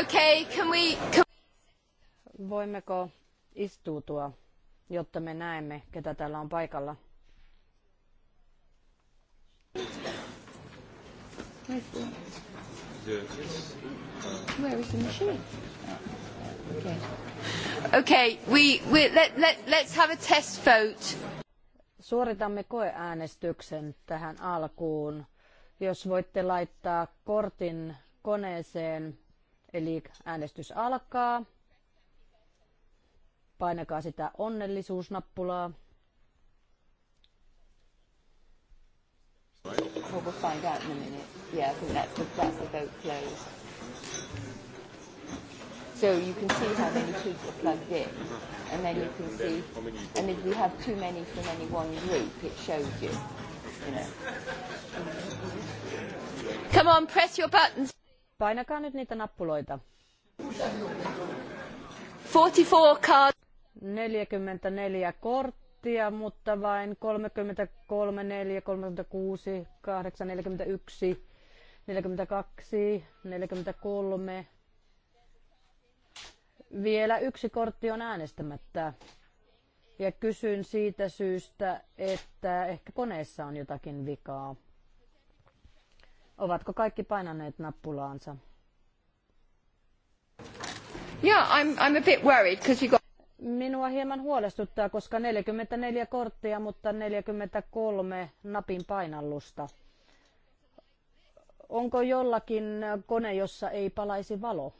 Okay, can we, can... Voimmeko istuutua, jotta me näemme, ketä täällä on paikalla? Where is the machine? Okay. Okay, we, we let, let, let's have a test vote. Suoritamme koeäänestyksen tähän alkuun. Jos voitte laittaa kortin koneeseen, eli äänestys alkaa. Painakaa sitä onnellisuusnappulaa. Well, we'll find out in a minute. Yeah, I think that's the, that's the vote closed. So you can see how many kids are plugged in. And then you can see, and if you have too many from any one group, it shows you. you know. Come on, press your buttons. Painakaa nyt niitä nappuloita. 44 cards. 44 korttia, mutta vain 33, 4, 36, 8, 41, 42, 43, vielä yksi kortti on äänestämättä. Ja kysyn siitä syystä, että ehkä koneessa on jotakin vikaa. Ovatko kaikki painaneet nappulaansa? Yeah, I'm, I'm a bit worried you got... Minua hieman huolestuttaa, koska 44 korttia, mutta 43 napin painallusta. Onko jollakin kone, jossa ei palaisi valo?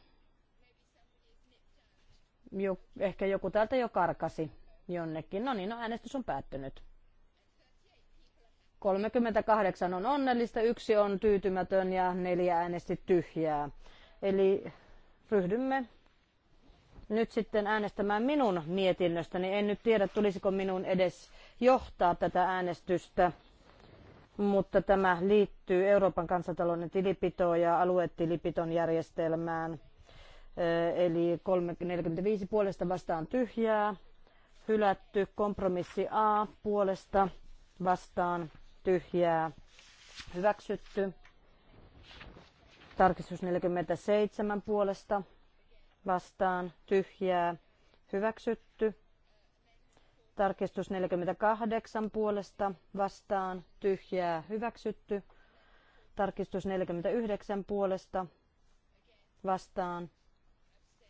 Jo, ehkä joku täältä jo karkasi jonnekin. No niin, no äänestys on päättynyt. 38 on onnellista, yksi on tyytymätön ja neljä äänesti tyhjää. Eli ryhdymme nyt sitten äänestämään minun mietinnöstäni. En nyt tiedä, tulisiko minun edes johtaa tätä äänestystä, mutta tämä liittyy Euroopan kansantalouden tilipito- ja aluetilipiton järjestelmään eli 45 puolesta vastaan tyhjää, hylätty, kompromissi A puolesta vastaan tyhjää, hyväksytty, tarkistus 47 puolesta vastaan tyhjää, hyväksytty, tarkistus 48 puolesta vastaan tyhjää, hyväksytty, tarkistus 49 puolesta vastaan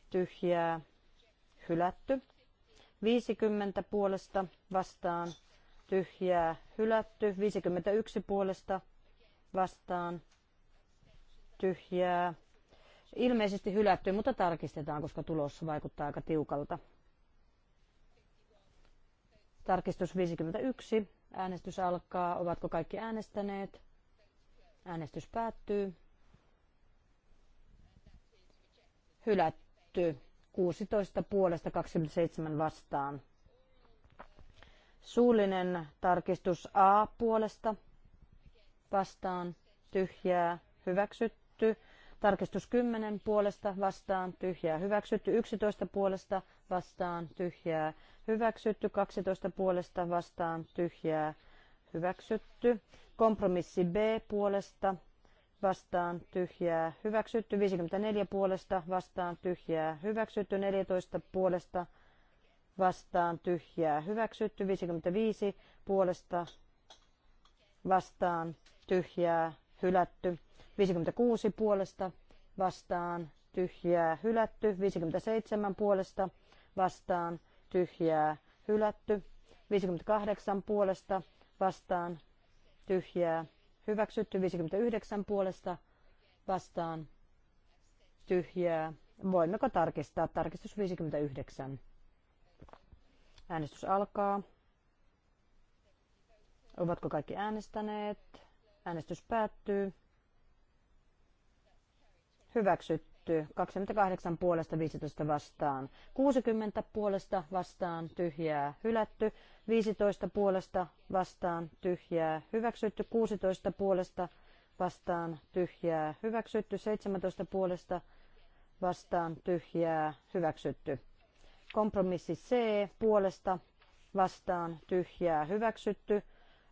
tyhjää hylätty. 50 puolesta vastaan tyhjää hylätty. 51 puolesta vastaan tyhjää ilmeisesti hylätty, mutta tarkistetaan, koska tulos vaikuttaa aika tiukalta. Tarkistus 51. Äänestys alkaa. Ovatko kaikki äänestäneet? Äänestys päättyy. Hylätty hylätty 16 puolesta 27 vastaan. Suullinen tarkistus A puolesta vastaan tyhjää hyväksytty. Tarkistus 10 puolesta vastaan tyhjää hyväksytty. 11 puolesta vastaan tyhjää hyväksytty. 12 puolesta vastaan tyhjää hyväksytty. Kompromissi B puolesta vastaan tyhjää hyväksytty, 54 puolesta vastaan tyhjää hyväksytty, 14 puolesta vastaan tyhjää hyväksytty, 55 puolesta vastaan tyhjää hylätty, 56 puolesta vastaan tyhjää hylätty, 57 puolesta vastaan tyhjää hylätty, 58 puolesta vastaan tyhjää hyväksytty 59 puolesta vastaan tyhjää. Voimmeko tarkistaa? Tarkistus 59. Äänestys alkaa. Ovatko kaikki äänestäneet? Äänestys päättyy. Hyväksytty hylätty. 28 puolesta 15 vastaan. 60 puolesta vastaan tyhjää hylätty. 15 puolesta vastaan tyhjää hyväksytty. 16 puolesta vastaan tyhjää hyväksytty. 17 puolesta vastaan tyhjää hyväksytty. Kompromissi C puolesta vastaan tyhjää hyväksytty.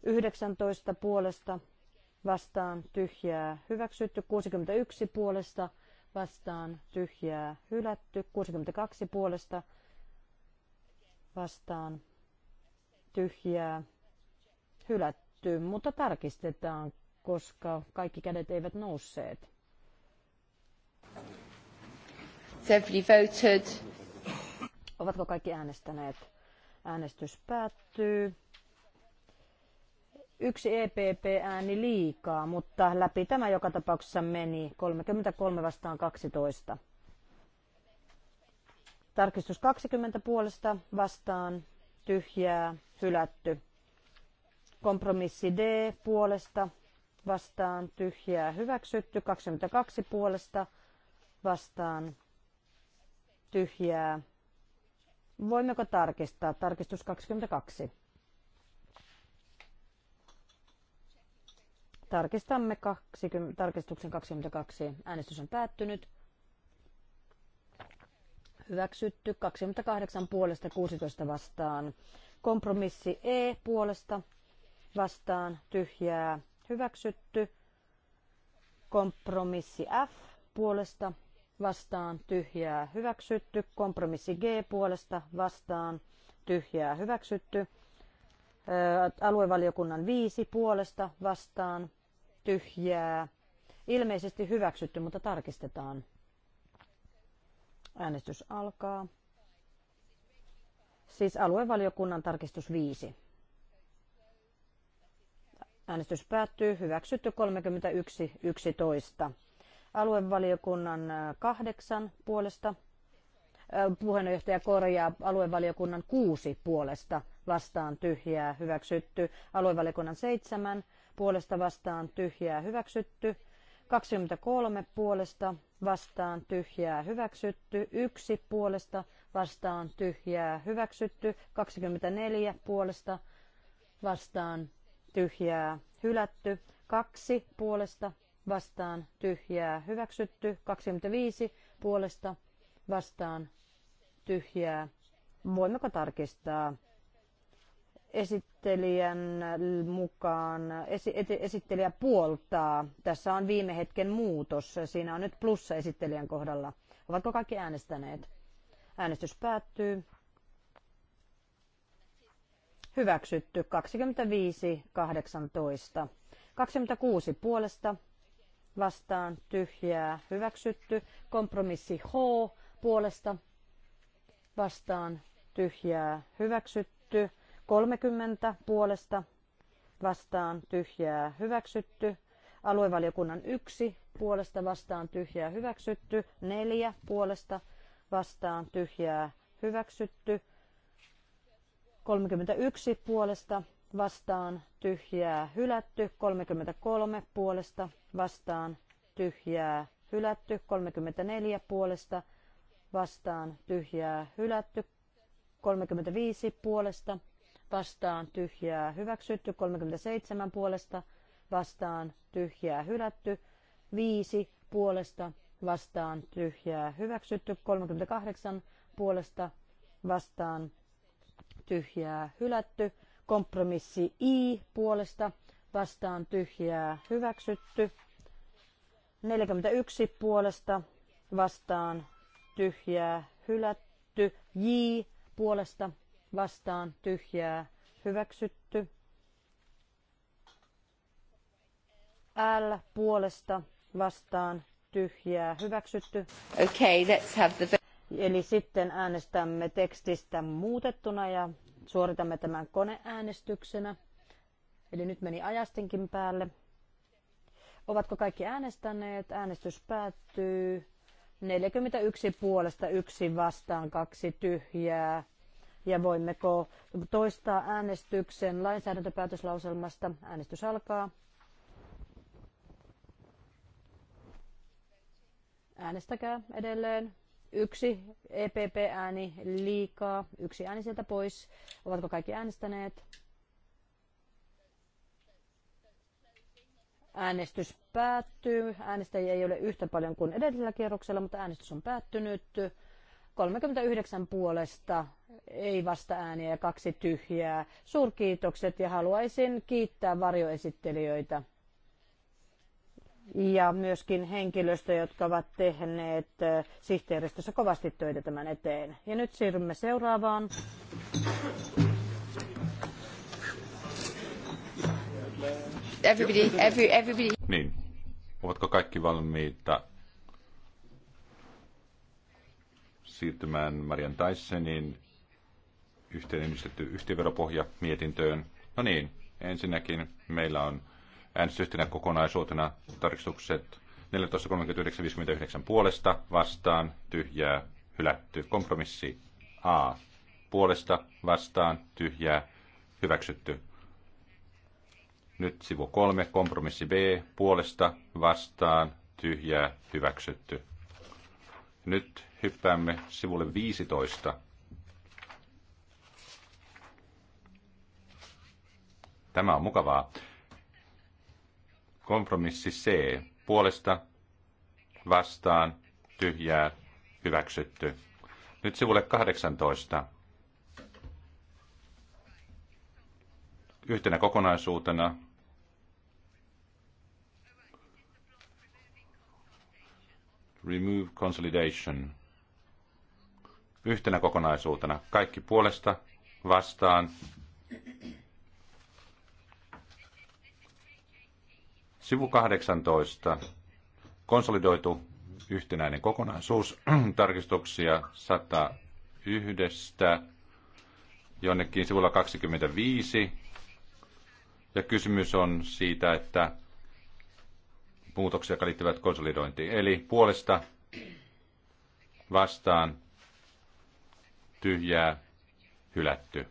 19 puolesta vastaan tyhjää hyväksytty, 61 puolesta vastaan, vastaan tyhjää hylätty. 62 puolesta vastaan tyhjää hylätty, mutta tarkistetaan, koska kaikki kädet eivät nousseet. Ovatko kaikki äänestäneet? Äänestys päättyy yksi EPP-ääni liikaa, mutta läpi tämä joka tapauksessa meni 33 vastaan 12. Tarkistus 20 puolesta vastaan tyhjää hylätty. Kompromissi D puolesta vastaan tyhjää hyväksytty. 22 puolesta vastaan tyhjää. Voimmeko tarkistaa? Tarkistus 22. Tarkistamme 20, tarkistuksen 22. Äänestys on päättynyt. Hyväksytty 28 puolesta 16 vastaan. Kompromissi E puolesta vastaan tyhjää hyväksytty. Kompromissi F puolesta vastaan tyhjää hyväksytty. Kompromissi G puolesta vastaan tyhjää hyväksytty aluevaliokunnan viisi puolesta vastaan tyhjää. Ilmeisesti hyväksytty, mutta tarkistetaan. Äänestys alkaa. Siis aluevaliokunnan tarkistus 5. Äänestys päättyy. Hyväksytty 31.11. Aluevaliokunnan kahdeksan puolesta. Puheenjohtaja korjaa aluevaliokunnan kuusi puolesta vastaan tyhjää hyväksytty. Aluevalikunnan 7 puolesta vastaan tyhjää hyväksytty. 23 puolesta vastaan tyhjää hyväksytty, yksi puolesta vastaan tyhjää hyväksytty, 24 puolesta vastaan tyhjää hylätty, kaksi puolesta vastaan tyhjää hyväksytty, 25 puolesta vastaan tyhjää. Voimmeko tarkistaa? esittelijän mukaan esittelijä puoltaa. Tässä on viime hetken muutos. Siinä on nyt plussa esittelijän kohdalla. Ovatko kaikki äänestäneet? Äänestys päättyy. Hyväksytty 25 18. 26 puolesta vastaan tyhjää hyväksytty. Kompromissi H puolesta vastaan tyhjää hyväksytty. 30 puolesta vastaan tyhjää hyväksytty. Aluevaliokunnan yksi puolesta vastaan tyhjää hyväksytty. neljä puolesta vastaan tyhjää hyväksytty. 31 puolesta vastaan tyhjää hylätty. 33 puolesta vastaan tyhjää hylätty. 34 puolesta vastaan tyhjää hylätty. 35 puolesta vastaan tyhjää hyväksytty, 37 puolesta vastaan tyhjää hylätty, 5 puolesta vastaan tyhjää hyväksytty, 38 puolesta vastaan tyhjää hylätty, kompromissi I puolesta vastaan tyhjää hyväksytty, 41 puolesta vastaan tyhjää hylätty, J puolesta vastaan tyhjää hyväksytty. L puolesta vastaan tyhjää hyväksytty. Okay, let's have the... Eli sitten äänestämme tekstistä muutettuna ja suoritamme tämän koneäänestyksenä. Eli nyt meni ajastinkin päälle. Ovatko kaikki äänestäneet? Äänestys päättyy. 41 puolesta, yksi vastaan, kaksi tyhjää ja voimmeko toistaa äänestyksen lainsäädäntöpäätöslauselmasta. Äänestys alkaa. Äänestäkää edelleen. Yksi EPP-ääni liikaa, yksi ääni sieltä pois. Ovatko kaikki äänestäneet? Äänestys päättyy. Äänestäjiä ei ole yhtä paljon kuin edellisellä kierroksella, mutta äänestys on päättynyt. 39 puolesta ei vasta ääniä ja kaksi tyhjää. Suurkiitokset ja haluaisin kiittää varjoesittelijöitä ja myöskin henkilöstö, jotka ovat tehneet eh, sihteeristössä kovasti töitä tämän eteen. Ja nyt siirrymme seuraavaan. Everybody, every, everybody. Niin, ovatko kaikki valmiita siirtymään Marian Taissenin yhteen yhteenveropohja mietintöön. No niin, ensinnäkin meillä on äänestystenä kokonaisuutena tarkistukset 14.39.59 puolesta vastaan, tyhjää, hylätty. Kompromissi A puolesta vastaan, tyhjää, hyväksytty. Nyt sivu kolme, kompromissi B, puolesta, vastaan, tyhjää, hyväksytty. Nyt hyppäämme sivulle 15. Tämä on mukavaa. Kompromissi C. Puolesta, vastaan, tyhjää, hyväksytty. Nyt sivulle 18. Yhtenä kokonaisuutena remove consolidation yhtenä kokonaisuutena. Kaikki puolesta vastaan. Sivu 18. Konsolidoitu yhtenäinen kokonaisuus. Tarkistuksia 101 jonnekin sivulla 25. Ja kysymys on siitä, että muutoksia, jotka liittyvät konsolidointiin. Eli puolesta vastaan tyhjää, hylätty.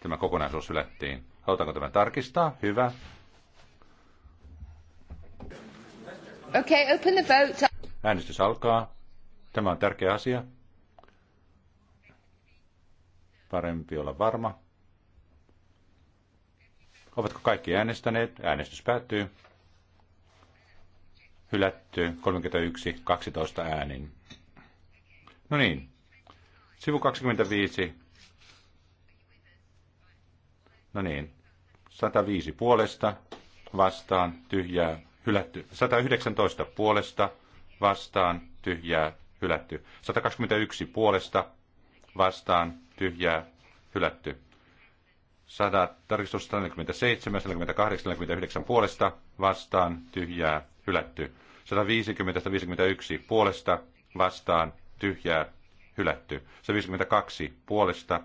Tämä kokonaisuus hylättiin. Halutaanko tämä tarkistaa? Hyvä. Okay, open the vote. Äänestys alkaa. Tämä on tärkeä asia. Parempi olla varma. Ovatko kaikki äänestäneet? Äänestys päättyy. Hylätty 31, 12 äänin. No niin, Sivu 25. No niin. 105 puolesta vastaan tyhjää hylätty. 119 puolesta vastaan tyhjää hylätty. 121 puolesta vastaan tyhjää hylätty. 100, tarkistus 147, 148, 149 puolesta vastaan tyhjää hylätty. 150, 151 puolesta vastaan tyhjää hylätty. 152 puolesta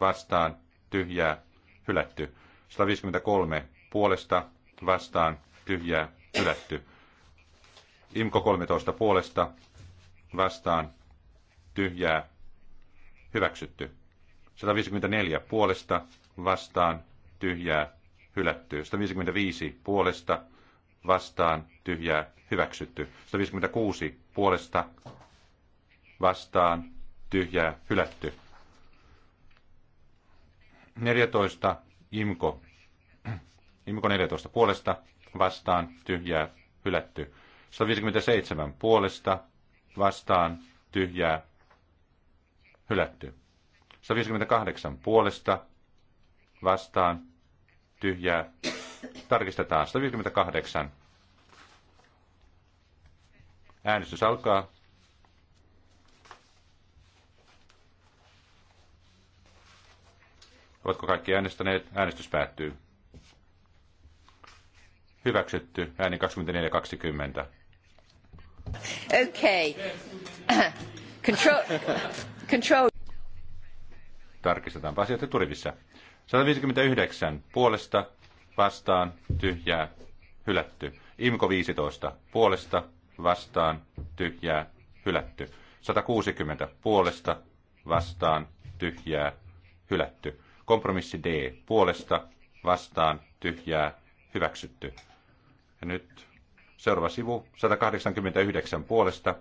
vastaan tyhjää hylätty. 153 puolesta vastaan tyhjää hylätty. Imko 13 puolesta vastaan tyhjää hyväksytty. 154 puolesta vastaan tyhjää hylätty. 155 puolesta vastaan tyhjää hyväksytty. 156 puolesta vastaan tyhjää, hylätty. 14, Imko. Imko 14 puolesta, vastaan, tyhjää, hylätty. 157 puolesta, vastaan, tyhjää, hylätty. 158 puolesta, vastaan, tyhjää, tarkistetaan. 158. Äänestys alkaa. Ovatko kaikki äänestäneet? Äänestys päättyy. Hyväksytty. Ääni 24-20. Okay. Control. Control. Tarkistetaanpa asiat turvissa. 159 puolesta vastaan tyhjää hylätty. Imko 15 puolesta vastaan tyhjää hylätty. 160 puolesta vastaan tyhjää hylätty. Kompromissi D puolesta vastaan tyhjää hyväksytty. Ja nyt seuraava sivu 189 puolesta.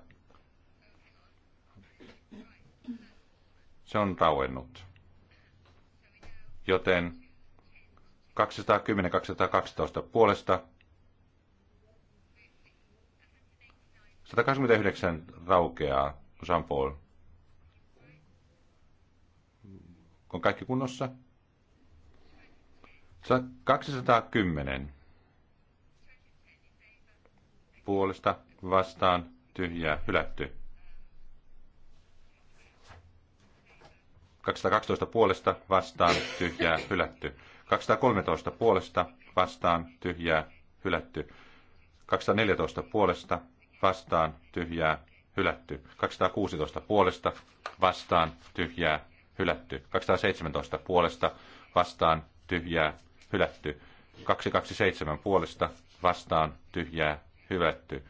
Se on rauennut. Joten 210-212 puolesta 189 raukeaa, Jean Paul. On kaikki kunnossa? 210. Puolesta vastaan tyhjää hylätty. 212 puolesta vastaan tyhjää hylätty. 213 puolesta vastaan tyhjää hylätty. 214 puolesta vastaan tyhjää hylätty. 216 puolesta vastaan tyhjää hylätty. 217 puolesta vastaan tyhjää hylätty. 227 puolesta vastaan tyhjää hylätty.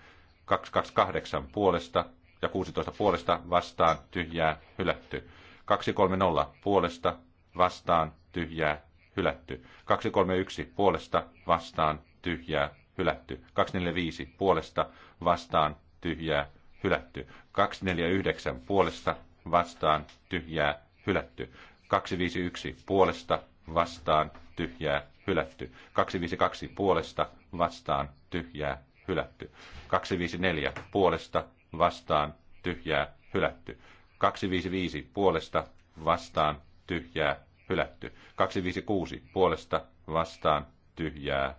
228 puolesta ja 16 puolesta vastaan tyhjää hylätty. 230 puolesta vastaan tyhjää hylätty. 231 puolesta vastaan tyhjää hylätty. 245 puolesta vastaan tyhjää hylätty. 249 puolesta vastaan tyhjää hylätty. 251 puolesta vastaan tyhjää hylätty. 252 puolesta vastaan tyhjää hylätty. 254 puolesta vastaan tyhjää hylätty. 255 puolesta vastaan tyhjää hylätty. 256 puolesta vastaan tyhjää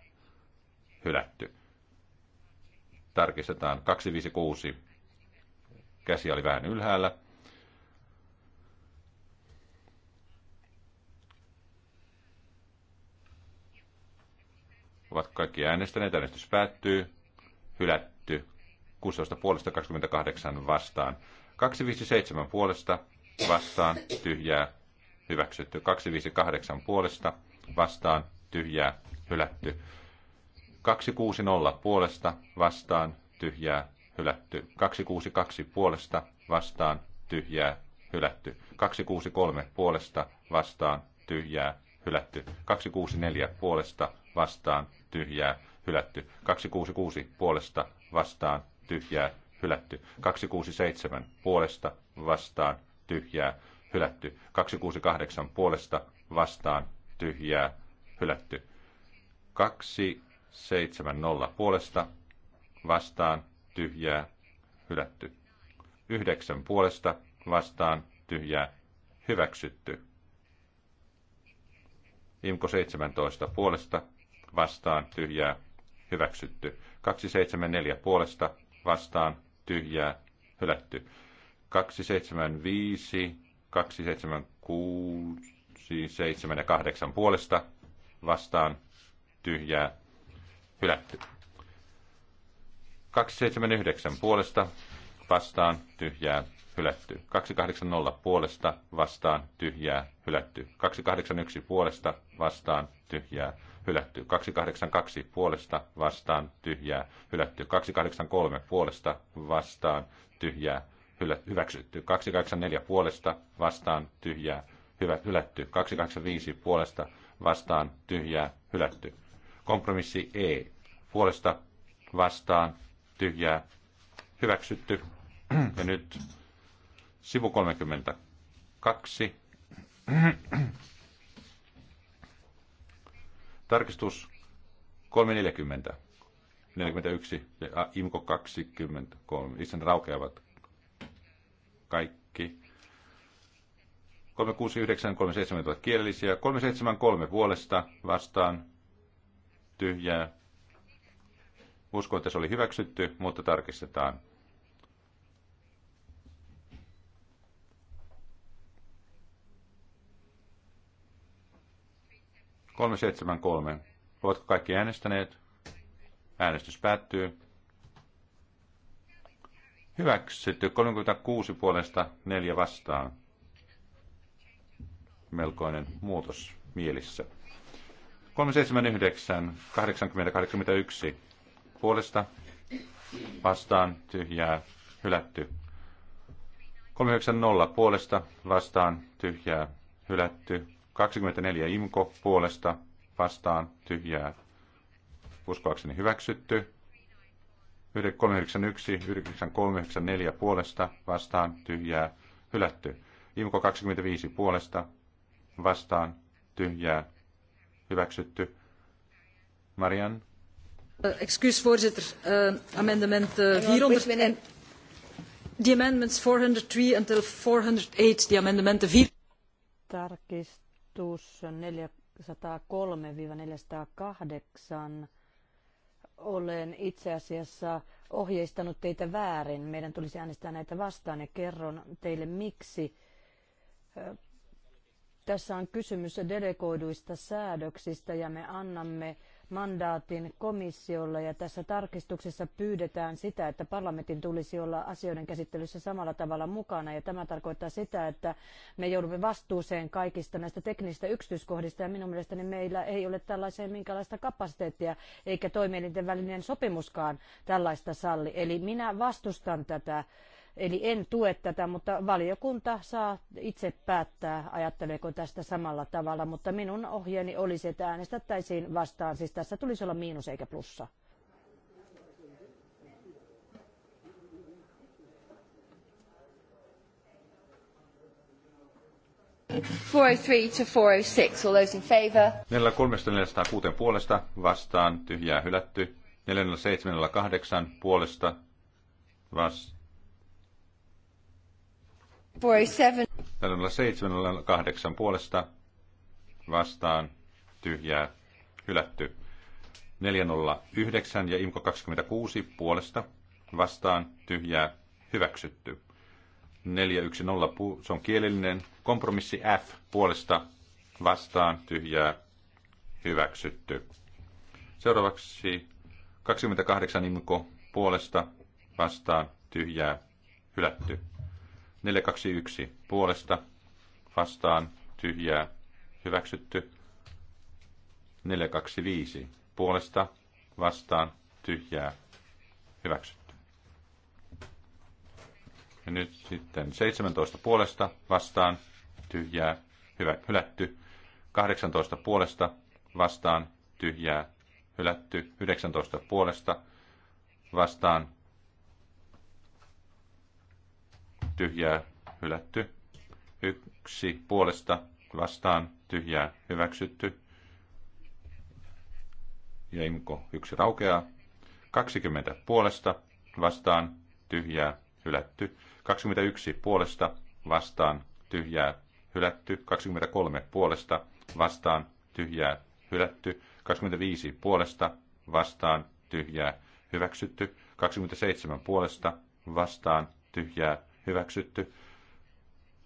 hylätty. Tarkistetaan 256. Käsi oli vähän ylhäällä. Ovat kaikki äänestäneet. Äänestys päättyy. Hylätty. 16 puolesta 28 vastaan. 257 puolesta vastaan tyhjää hyväksytty. 258 puolesta vastaan tyhjää hylätty. 260 puolesta vastaan tyhjää hylätty. 262 puolesta vastaan tyhjää hylätty. 263 puolesta vastaan tyhjää hylätty. 264 puolesta vastaan tyhjää, hylätty. 266 puolesta vastaan, tyhjää, hylätty. 267 puolesta vastaan, tyhjää, hylätty. 268 puolesta vastaan, tyhjää, hylätty. 270 puolesta vastaan, tyhjää, hylätty. 9 puolesta vastaan, tyhjää, hyväksytty. Imko 17 puolesta vastaan tyhjää hyväksytty. 274 puolesta vastaan tyhjää hylätty. 275, 276, 7 ja 8 puolesta vastaan tyhjää hylätty. 279 puolesta vastaan tyhjää hylätty. 280 puolesta vastaan tyhjää hylätty. 281 puolesta vastaan tyhjää hylätty hylätty. 282 puolesta vastaan tyhjää hylätty. 283 puolesta vastaan tyhjää hyväksytty. 284 puolesta vastaan tyhjää hyvä, hylätty. 285 puolesta vastaan tyhjää hylätty. Kompromissi E. Puolesta vastaan tyhjää hyväksytty. Ja nyt sivu 32. Tarkistus 340. 41 ja IMCO 23. Itsen raukeavat kaikki. 369 370 ovat kielellisiä. 373 puolesta vastaan tyhjää. Uskon, että se oli hyväksytty, mutta tarkistetaan. 373. Ovatko kaikki äänestäneet? Äänestys päättyy. Hyväksytty 36 puolesta 4 vastaan. Melkoinen muutos mielissä. 379, 80, 81 puolesta vastaan tyhjää hylätty. 390 puolesta vastaan tyhjää hylätty. 24 imko puolesta vastaan tyhjää uskoakseni hyväksytty. 391, 9394 puolesta vastaan tyhjää hylätty. Imko 25 puolesta vastaan tyhjää hyväksytty. Marian. Uh, excuse voorzitter, uh, amendement uh, eh, 400 en the amendments 403 until 408, the amendementen 4 tarkist ehdotus 403-408. Olen itse asiassa ohjeistanut teitä väärin. Meidän tulisi äänestää näitä vastaan ja kerron teille miksi. Tässä on kysymys delegoiduista säädöksistä ja me annamme mandaatin komissiolle ja tässä tarkistuksessa pyydetään sitä, että parlamentin tulisi olla asioiden käsittelyssä samalla tavalla mukana ja tämä tarkoittaa sitä, että me joudumme vastuuseen kaikista näistä teknisistä yksityiskohdista ja minun mielestäni meillä ei ole tällaiseen minkälaista kapasiteettia eikä toimielinten välinen sopimuskaan tällaista salli. Eli minä vastustan tätä Eli en tue tätä, mutta valiokunta saa itse päättää, ajatteleeko tästä samalla tavalla, mutta minun ohjeeni olisi, että äänestettäisiin vastaan. Siis tässä tulisi olla miinus eikä plussa. Oh oh neljällä kolmesta neljästä kuuteen puolesta vastaan tyhjää hylätty. Neljällä seitsemällä kahdeksan puolesta vastaan 7.08 kahdeksan puolesta vastaan tyhjää hylätty. 409 ja Imko 26 puolesta vastaan tyhjää hyväksytty. 410, se on kielellinen kompromissi F puolesta vastaan tyhjää hyväksytty. Seuraavaksi 28 imko puolesta vastaan tyhjää hylätty. 421 puolesta vastaan tyhjää hyväksytty. 425 puolesta vastaan tyhjää hyväksytty. Ja nyt sitten 17 puolesta vastaan tyhjää hyvä, hylätty. 18 puolesta vastaan tyhjää hylätty. 19 puolesta vastaan tyhjää, hylätty. Yksi puolesta vastaan, tyhjää, hyväksytty. Ja imko yksi raukeaa. 20 puolesta vastaan, tyhjää, hylätty. 21 puolesta vastaan, tyhjää, hylätty. 23 puolesta vastaan, tyhjää, hylätty. 25 puolesta vastaan, tyhjää, hyväksytty. 27 puolesta vastaan, tyhjää, hyväksytty.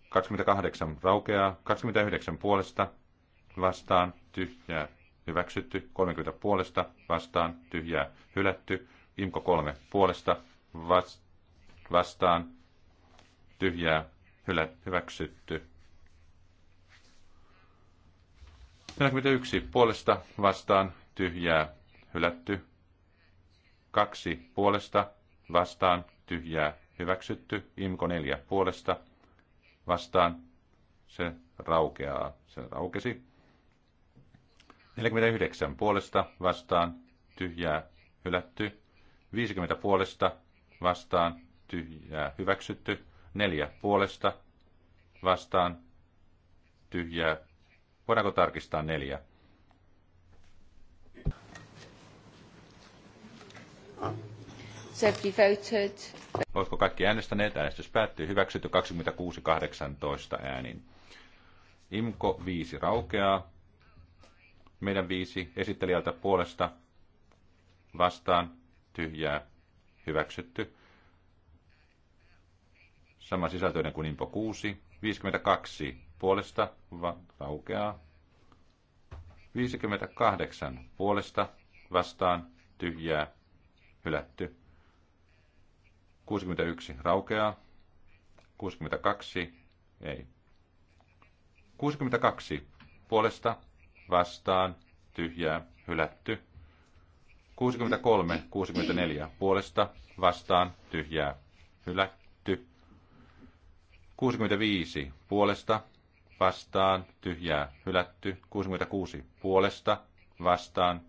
28 raukeaa, 29 puolesta vastaan tyhjää hyväksytty, 30 puolesta vastaan tyhjää hylätty, Imko 3 puolesta vas- vastaan tyhjää hylä- hyväksytty. 41 puolesta vastaan tyhjää hylätty, 2 puolesta vastaan tyhjää hyväksytty. Imko 4 puolesta vastaan se raukeaa. Se raukesi. 49 puolesta vastaan tyhjää hylätty. 50 puolesta vastaan tyhjää hyväksytty. 4 puolesta vastaan tyhjää. Voidaanko tarkistaa neljä? Oletko kaikki äänestäneet? Äänestys päättyy. Hyväksytty 26-18 äänin. Imko 5 raukeaa. Meidän viisi esittelijältä puolesta vastaan tyhjää hyväksytty. Sama sisältöinen kuin Impo 6. 52 puolesta va- raukeaa. 58 puolesta vastaan tyhjää hylätty. 61 raukeaa. 62 ei. 62 puolesta vastaan tyhjää hylätty. 63, 64 puolesta vastaan tyhjää hylätty. 65 puolesta vastaan tyhjää hylätty. 66 puolesta vastaan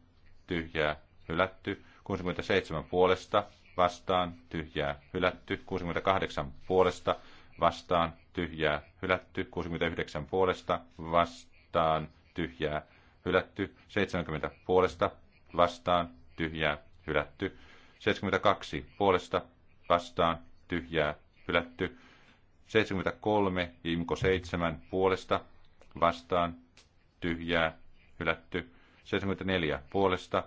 tyhjää hylätty. 67 puolesta vastaan, tyhjää, hylätty. 68 puolesta vastaan, tyhjää, hylätty. 69 puolesta vastaan, tyhjää, hylätty. 70 puolesta vastaan, tyhjää, hylätty. 72 puolesta vastaan, tyhjää, hylätty. 73 Imko 7 puolesta vastaan, tyhjää, hylätty. 74 puolesta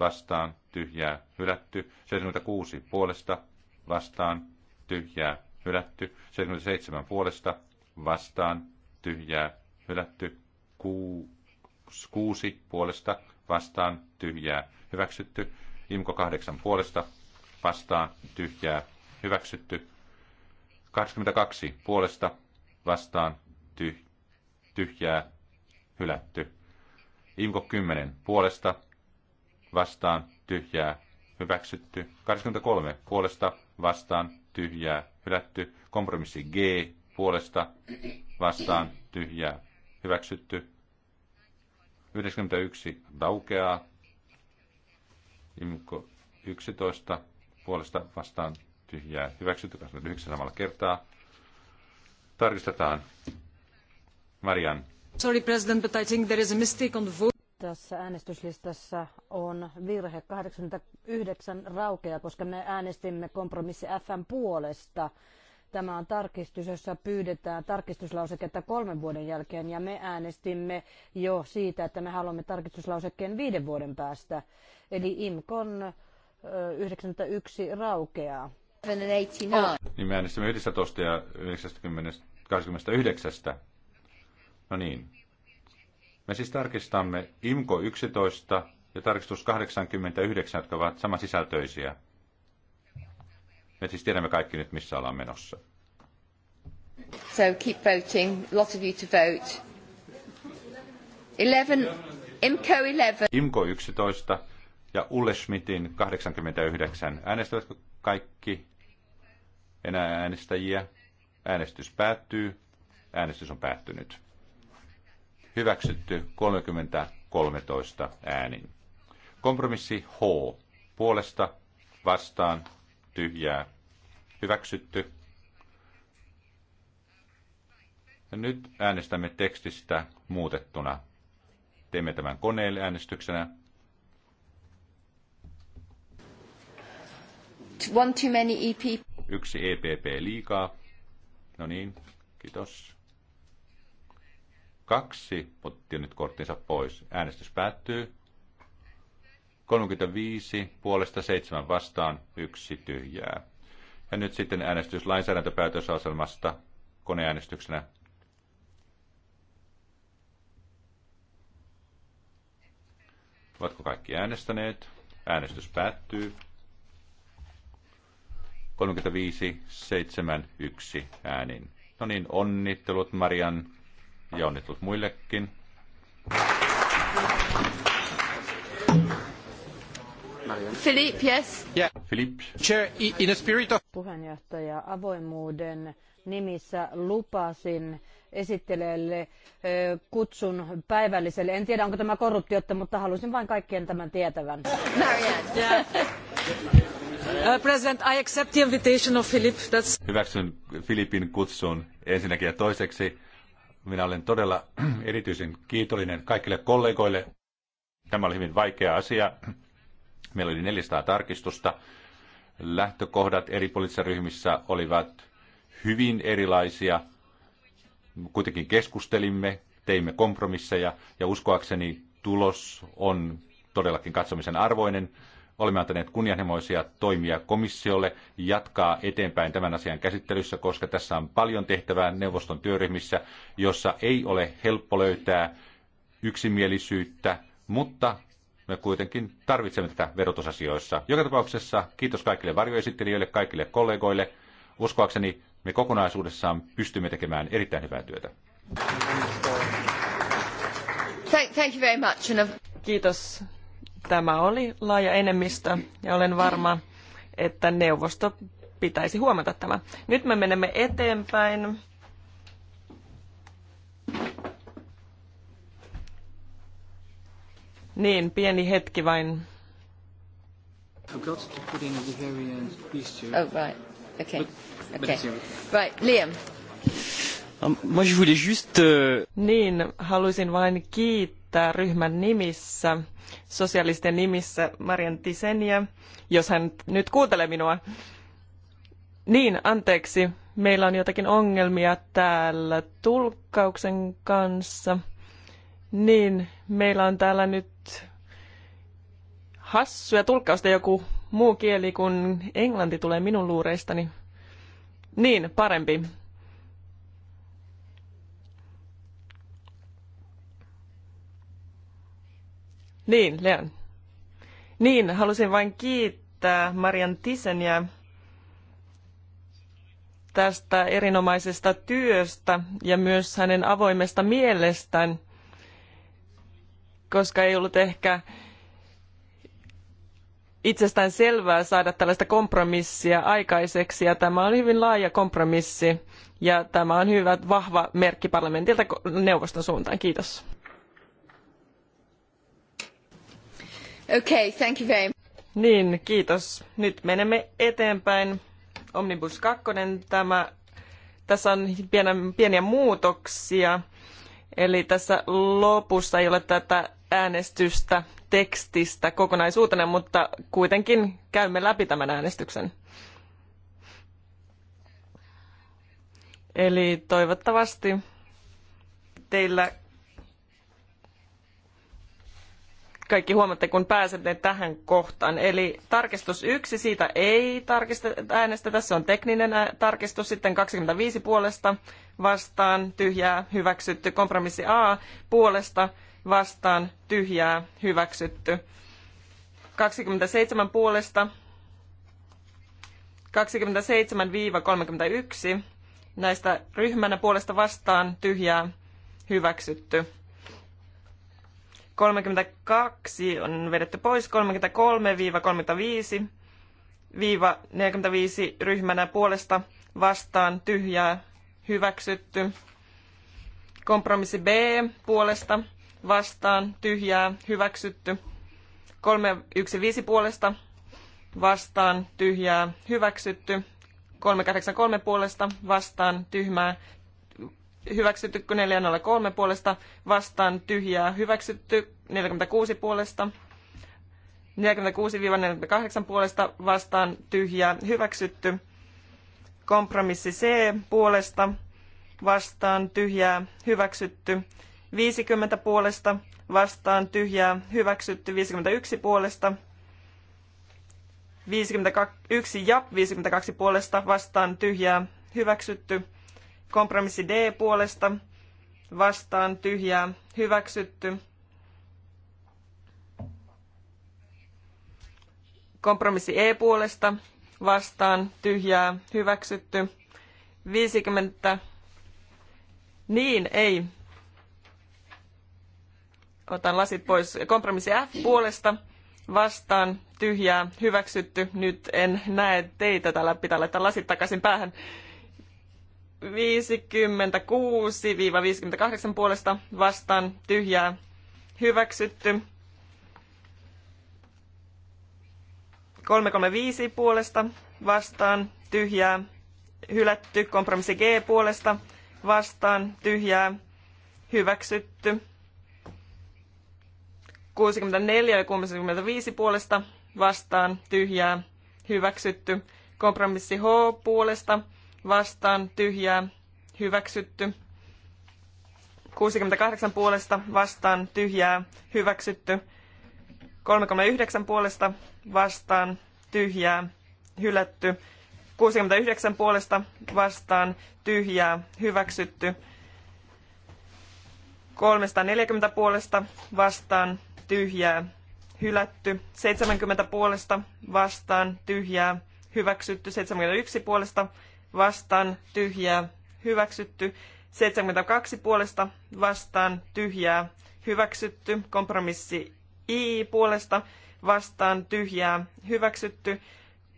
vastaan, tyhjää, hylätty. 76 puolesta, vastaan, tyhjää, hylätty. 77 puolesta, vastaan, tyhjää, hylätty. Ku, kuusi puolesta, vastaan, tyhjää, hyväksytty. Imko kahdeksan puolesta, vastaan, tyhjää, hyväksytty. 22 puolesta, vastaan, tyh, tyhjää, hylätty. Imko 10 puolesta, vastaan tyhjää hyväksytty. 23 puolesta vastaan tyhjää hylätty. Kompromissi G puolesta vastaan tyhjää hyväksytty. 91 daukeaa. Imko 11 puolesta vastaan tyhjää hyväksytty 29 samalla kertaa. Tarkistetaan. Marian. Sorry, President, but I think there is a mistake on the vote tässä äänestyslistassa on virhe. 89 raukea, koska me äänestimme kompromissi Fn puolesta. Tämä on tarkistus, jossa pyydetään tarkistuslauseketta kolmen vuoden jälkeen ja me äänestimme jo siitä, että me haluamme tarkistuslausekkeen viiden vuoden päästä. Eli IMKon 91 raukeaa. Niin me äänestimme 11 ja 90, 29. No niin, me siis tarkistamme IMKO 11 ja tarkistus 89, jotka ovat samansisältöisiä. Me siis tiedämme kaikki nyt, missä ollaan menossa. So keep voting. Lot of you to vote. 11, IMCO 11. IMCO 11 ja Ulle Schmidtin 89. Äänestävätkö kaikki enää äänestäjiä? Äänestys päättyy. Äänestys on päättynyt hyväksytty 30-13 äänin. Kompromissi H puolesta vastaan tyhjää hyväksytty. Ja nyt äänestämme tekstistä muutettuna. Teemme tämän koneelle äänestyksenä. One too many EP. Yksi EPP liikaa. No niin, kiitos kaksi otti nyt korttinsa pois. Äänestys päättyy. 35 puolesta 7 vastaan, yksi tyhjää. Ja nyt sitten äänestys lainsäädäntöpäätösasemasta koneäänestyksenä. Ovatko kaikki äänestäneet? Äänestys päättyy. 35, 7, 1 äänin. No niin, onnittelut Marian ja onnittelut muillekin. Philip, yes. Yeah. Philip. Chair, in a spirit of... Puheenjohtaja avoimuuden nimissä lupasin esittelijälle kutsun päivälliselle. En tiedä, onko tämä korruptiota, mutta halusin vain kaikkien tämän tietävän. Uh, President, I accept the invitation of Philip. That's... Hyväksyn Filipin kutsun ensinnäkin ja toiseksi minä olen todella erityisen kiitollinen kaikille kollegoille. Tämä oli hyvin vaikea asia. Meillä oli 400 tarkistusta. Lähtökohdat eri poliittisissa ryhmissä olivat hyvin erilaisia. Kuitenkin keskustelimme, teimme kompromisseja ja uskoakseni tulos on todellakin katsomisen arvoinen. Olemme antaneet kunnianhimoisia toimia komissiolle jatkaa eteenpäin tämän asian käsittelyssä, koska tässä on paljon tehtävää neuvoston työryhmissä, jossa ei ole helppo löytää yksimielisyyttä, mutta me kuitenkin tarvitsemme tätä verotusasioissa. Joka tapauksessa kiitos kaikille varjoesittelijöille, kaikille kollegoille. Uskoakseni me kokonaisuudessaan pystymme tekemään erittäin hyvää työtä. Thank, you very much. Kiitos Tämä oli laaja enemmistö ja olen varma, että neuvosto pitäisi huomata tämä. Nyt me menemme eteenpäin. Niin, pieni hetki vain. Oh, right. Okay. Okay. Right, Liam. Ah, euh, niin, haluaisin vain kiittää kiittää ryhmän nimissä, sosialisten nimissä Marian Tiseniä, jos hän nyt kuuntelee minua. Niin, anteeksi, meillä on jotakin ongelmia täällä tulkkauksen kanssa. Niin, meillä on täällä nyt hassuja tulkkausta joku muu kieli kuin englanti tulee minun luureistani. Niin, parempi. Niin, Leon. Niin, halusin vain kiittää Marian Tiseniä tästä erinomaisesta työstä ja myös hänen avoimesta mielestään, koska ei ollut ehkä itsestään selvää saada tällaista kompromissia aikaiseksi ja tämä on hyvin laaja kompromissi ja tämä on hyvä vahva merkki parlamentilta neuvoston suuntaan. Kiitos. Okay, thank you very much. Niin, kiitos. Nyt menemme eteenpäin. Omnibus 2, tämä, tässä on pieniä, pieniä muutoksia. Eli tässä lopussa ei ole tätä äänestystä tekstistä kokonaisuutena, mutta kuitenkin käymme läpi tämän äänestyksen. Eli toivottavasti teillä kaikki huomatte, kun pääsette tähän kohtaan. Eli tarkistus yksi siitä ei äänestetä, se on tekninen tarkistus, sitten 25 puolesta vastaan, tyhjää, hyväksytty. Kompromissi A puolesta vastaan, tyhjää, hyväksytty. 27 puolesta, 27-31, näistä ryhmänä puolesta vastaan, tyhjää, hyväksytty. 32 on vedetty pois, 33-35, viiva 45 ryhmänä puolesta vastaan tyhjää hyväksytty. Kompromissi B puolesta vastaan tyhjää hyväksytty. 315 puolesta vastaan tyhjää hyväksytty. 383 puolesta vastaan tyhmää hyväksytty 403 puolesta, vastaan tyhjää hyväksytty 46 puolesta, 46-48 puolesta vastaan tyhjää hyväksytty. Kompromissi C puolesta vastaan tyhjää hyväksytty. 50 puolesta vastaan tyhjää hyväksytty. 51 puolesta 51 ja 52 puolesta vastaan tyhjää hyväksytty. Kompromissi D puolesta vastaan tyhjää hyväksytty. Kompromissi E puolesta vastaan tyhjää hyväksytty. 50. Niin, ei. Otan lasit pois. Kompromissi F puolesta vastaan tyhjää hyväksytty. Nyt en näe teitä. Täällä pitää laittaa lasit takaisin päähän. 56-58 puolesta vastaan tyhjää hyväksytty. 335 puolesta vastaan tyhjää hylätty. Kompromissi G puolesta vastaan tyhjää hyväksytty. 64 ja 65 puolesta vastaan tyhjää hyväksytty. Kompromissi H puolesta vastaan tyhjää hyväksytty. 68 puolesta vastaan tyhjää hyväksytty. 39 puolesta vastaan tyhjää hylätty. 69 puolesta vastaan tyhjää hyväksytty. 340 puolesta vastaan tyhjää hylätty. 70 puolesta vastaan tyhjää hyväksytty. 71 puolesta vastaan tyhjää hyväksytty. 72 puolesta vastaan tyhjää hyväksytty. Kompromissi I puolesta vastaan tyhjää hyväksytty.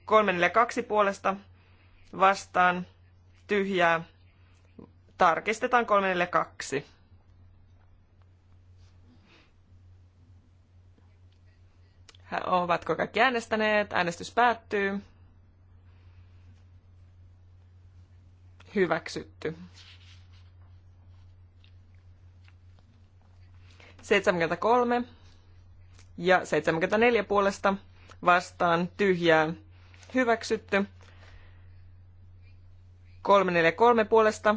342 puolesta vastaan tyhjää. Tarkistetaan 342. Ovatko kaikki äänestäneet? Äänestys päättyy. hyväksytty. 73 ja 74 puolesta vastaan tyhjää hyväksytty. 343 puolesta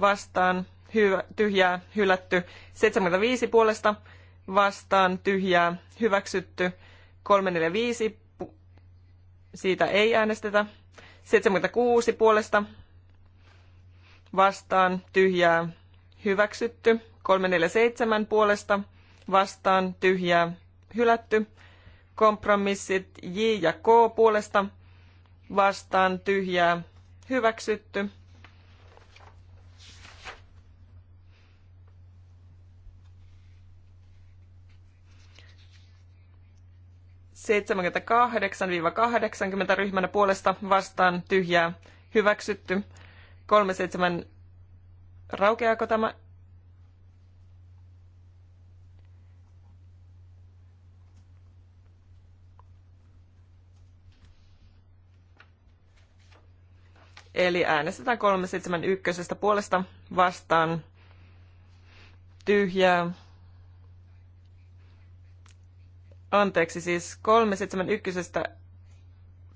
vastaan hyvä, tyhjää hylätty. 75 puolesta vastaan tyhjää hyväksytty. 345 siitä ei äänestetä. 76 puolesta vastaan tyhjää hyväksytty. 347 puolesta vastaan tyhjää hylätty. Kompromissit J ja K puolesta vastaan tyhjää hyväksytty. kahdeksan 78 kahdeksankymmentä ryhmänä puolesta vastaan tyhjää hyväksytty. 37 raukeako tämä? Eli äänestetään 371 puolesta vastaan tyhjää. Anteeksi, siis 371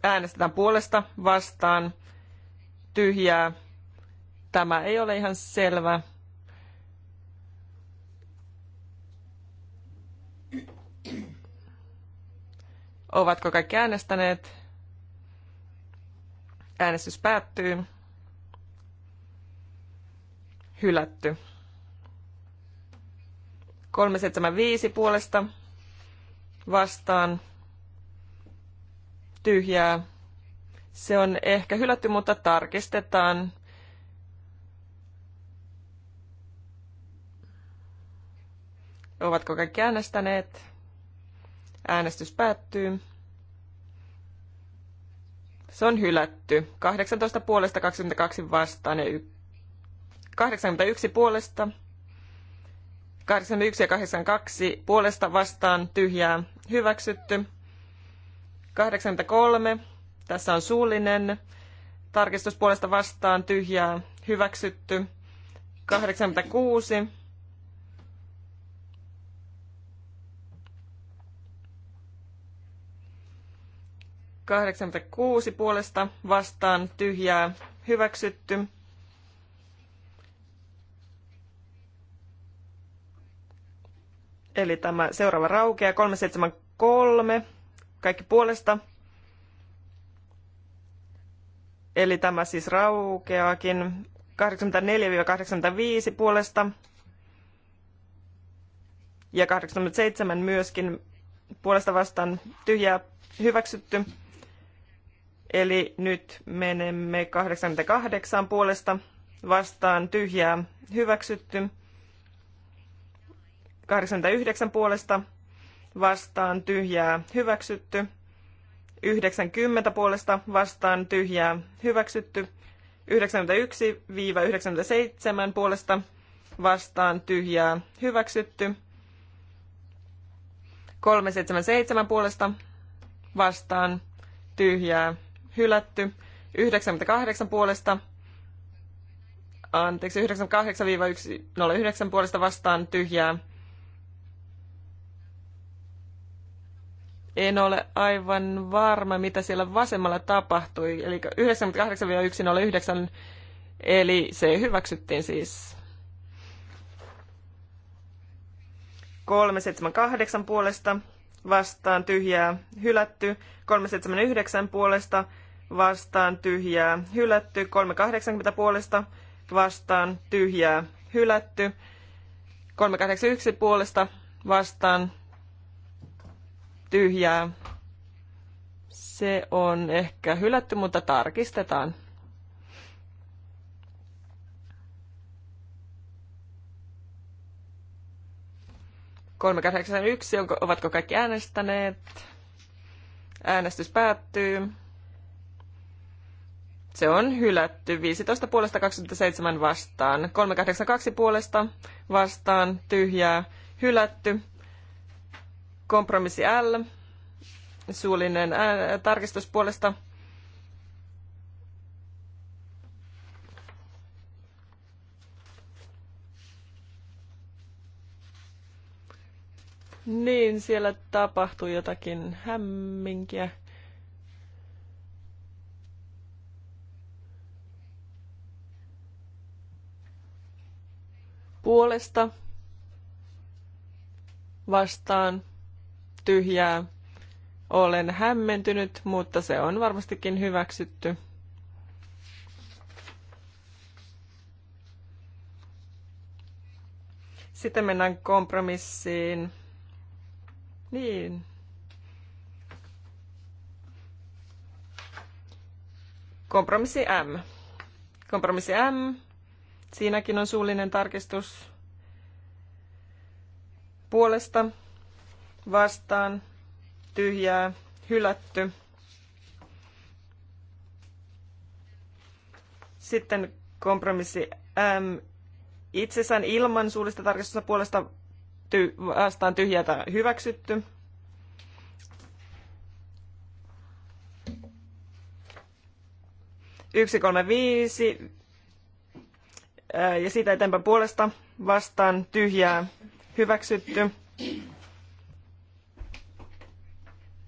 äänestetään puolesta vastaan tyhjää Tämä ei ole ihan selvä. Ovatko kaikki äänestäneet? Äänestys päättyy. Hylätty. 375 puolesta vastaan tyhjää. Se on ehkä hylätty, mutta tarkistetaan. Ovatko kaikki äänestäneet? Äänestys päättyy. Se on hylätty. 18 puolesta, 22 vastaan ja 81 puolesta. 81 ja 82 puolesta vastaan tyhjää hyväksytty. 83. Tässä on suullinen. Tarkistus puolesta vastaan tyhjää hyväksytty. 86 86 puolesta vastaan tyhjää hyväksytty. Eli tämä seuraava raukea 373 kaikki puolesta. Eli tämä siis raukeakin 84-85 puolesta. Ja 87 myöskin puolesta vastaan tyhjää hyväksytty. Eli nyt menemme 88 puolesta vastaan tyhjää hyväksytty. 89 puolesta vastaan tyhjää hyväksytty. 90 puolesta vastaan tyhjää hyväksytty. 91-97 puolesta vastaan tyhjää hyväksytty. 377 puolesta vastaan tyhjää hylätty. 98 puolesta, anteeksi, 98-109 puolesta vastaan tyhjää. En ole aivan varma, mitä siellä vasemmalla tapahtui. Eli 98-109, eli se hyväksyttiin siis. 378 puolesta vastaan tyhjää hylätty, 379 puolesta vastaan tyhjää hylätty, 380 puolesta vastaan tyhjää hylätty, 381 puolesta vastaan tyhjää. Se on ehkä hylätty, mutta tarkistetaan. 381, onko, ovatko kaikki äänestäneet? Äänestys päättyy. Se on hylätty. 15 puolesta 27 vastaan. 382 puolesta vastaan. Tyhjää. Hylätty. Kompromissi L. Suullinen ää, tarkistus puolesta Niin, siellä tapahtui jotakin hämminkiä. Puolesta vastaan tyhjää. Olen hämmentynyt, mutta se on varmastikin hyväksytty. Sitten mennään kompromissiin niin. Kompromissi M. Kompromissi M. Siinäkin on suullinen tarkistus puolesta vastaan tyhjää hylätty. Sitten kompromissi M itsessään ilman suullista tarkistusta puolesta ty- vastaan tyhjätä hyväksytty. Yksi, kolme, viisi. Ja siitä eteenpäin puolesta vastaan tyhjää hyväksytty.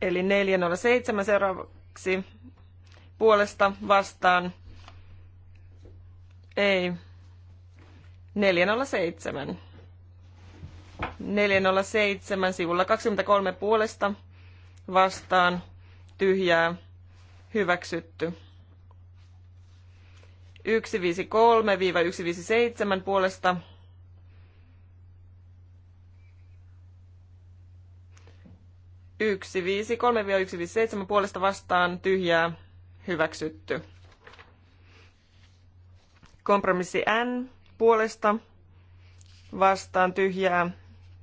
Eli 407 seuraavaksi puolesta vastaan. Ei. 407. 407 sivulla 23 puolesta vastaan tyhjää hyväksytty. 153-157 puolesta yksi viisi kolme yksi viisi seitsemän puolesta vastaan tyhjää hyväksytty. Kompromissi N puolesta vastaan tyhjää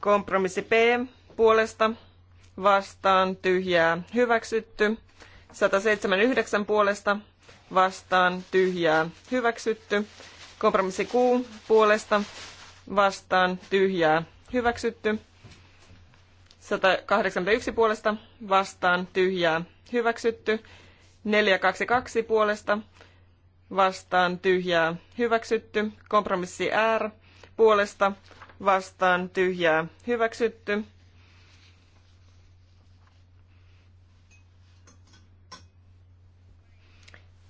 Kompromissi P puolesta vastaan tyhjää hyväksytty. 179 puolesta vastaan tyhjää hyväksytty. Kompromissi Q puolesta vastaan tyhjää hyväksytty. 181 puolesta vastaan tyhjää hyväksytty. 422 puolesta vastaan tyhjää hyväksytty. Kompromissi R puolesta vastaan tyhjää hyväksytty.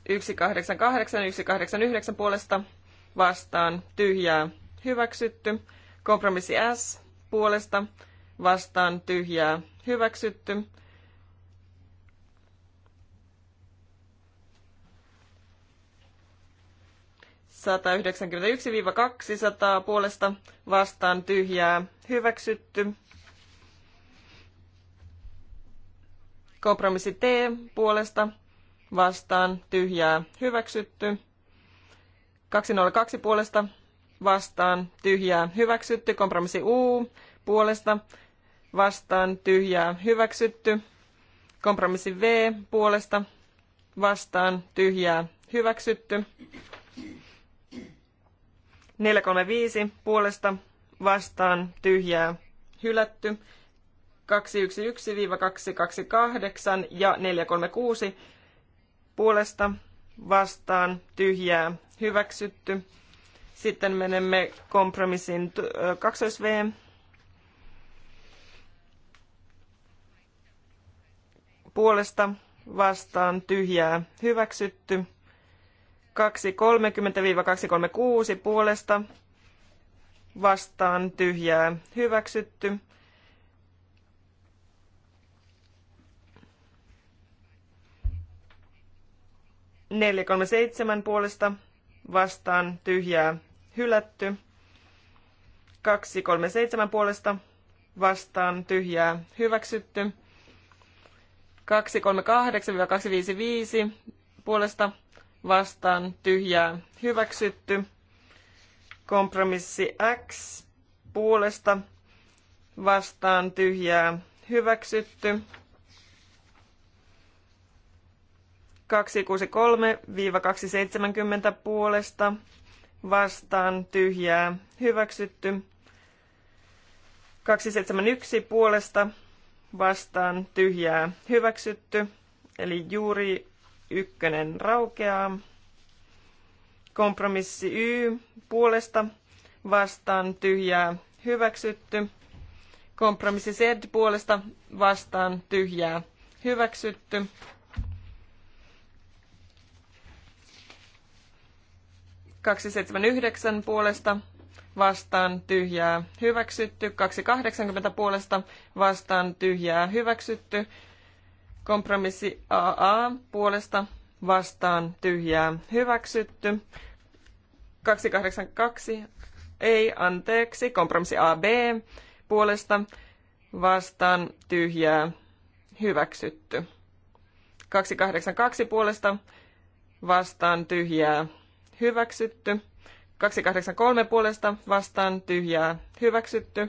Yksi kahdeksan kahdeksan, yksi kahdeksan yhdeksän puolesta vastaan tyhjää hyväksytty. Kompromissi S puolesta vastaan tyhjää hyväksytty. 191-200 puolesta vastaan tyhjää hyväksytty. Kompromissi T puolesta vastaan tyhjää hyväksytty. 202 puolesta vastaan tyhjää hyväksytty. Kompromissi U puolesta vastaan tyhjää hyväksytty. Kompromissi V puolesta vastaan tyhjää hyväksytty. 435 puolesta vastaan tyhjää hylätty. 211-228 ja 436 puolesta vastaan tyhjää hyväksytty. Sitten menemme kompromissin 2V. Puolesta vastaan tyhjää hyväksytty. 230-236 puolesta vastaan tyhjää hyväksytty. Neljä kolme seitsemän puolesta vastaan tyhjää hylätty. Kaksi kolme seitsemän puolesta vastaan tyhjää hyväksytty. Kaksi kolme kahdeksan viisi viisi puolesta vastaan tyhjää hyväksytty. Kompromissi X puolesta vastaan tyhjää hyväksytty. 263-270 puolesta vastaan tyhjää hyväksytty. 271 puolesta vastaan tyhjää hyväksytty. Eli juuri ykkönen raukeaa. Kompromissi Y puolesta vastaan tyhjää hyväksytty. Kompromissi Z puolesta vastaan tyhjää hyväksytty. Kaksi seitsemän yhdeksän puolesta vastaan tyhjää hyväksytty. Kaksi kahdeksankymmentä puolesta vastaan tyhjää hyväksytty. Kompromissi AA puolesta vastaan tyhjää hyväksytty. 282 ei anteeksi. Kompromissi AB puolesta vastaan tyhjää hyväksytty. 282 puolesta vastaan tyhjää hyväksytty. 283 puolesta vastaan tyhjää hyväksytty.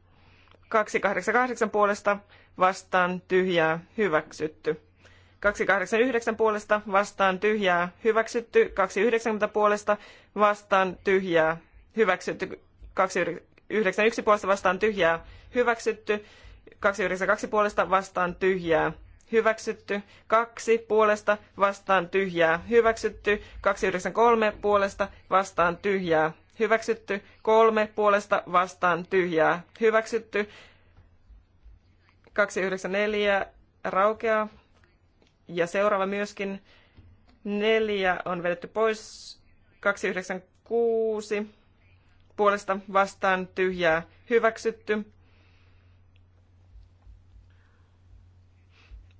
288 puolesta vastaan tyhjää hyväksytty. 289 puolesta vastaan tyhjää hyväksytty. 290 puolesta vastaan tyhjää hyväksytty. 291 puolesta vastaan tyhjää hyväksytty. 292 puolesta vastaan tyhjää hyväksytty, kaksi puolesta vastaan tyhjää, hyväksytty, 293 puolesta vastaan tyhjää, hyväksytty, kolme puolesta vastaan tyhjää, hyväksytty, 294 raukeaa ja seuraava myöskin, neljä on vedetty pois, 296 puolesta vastaan tyhjää, hyväksytty,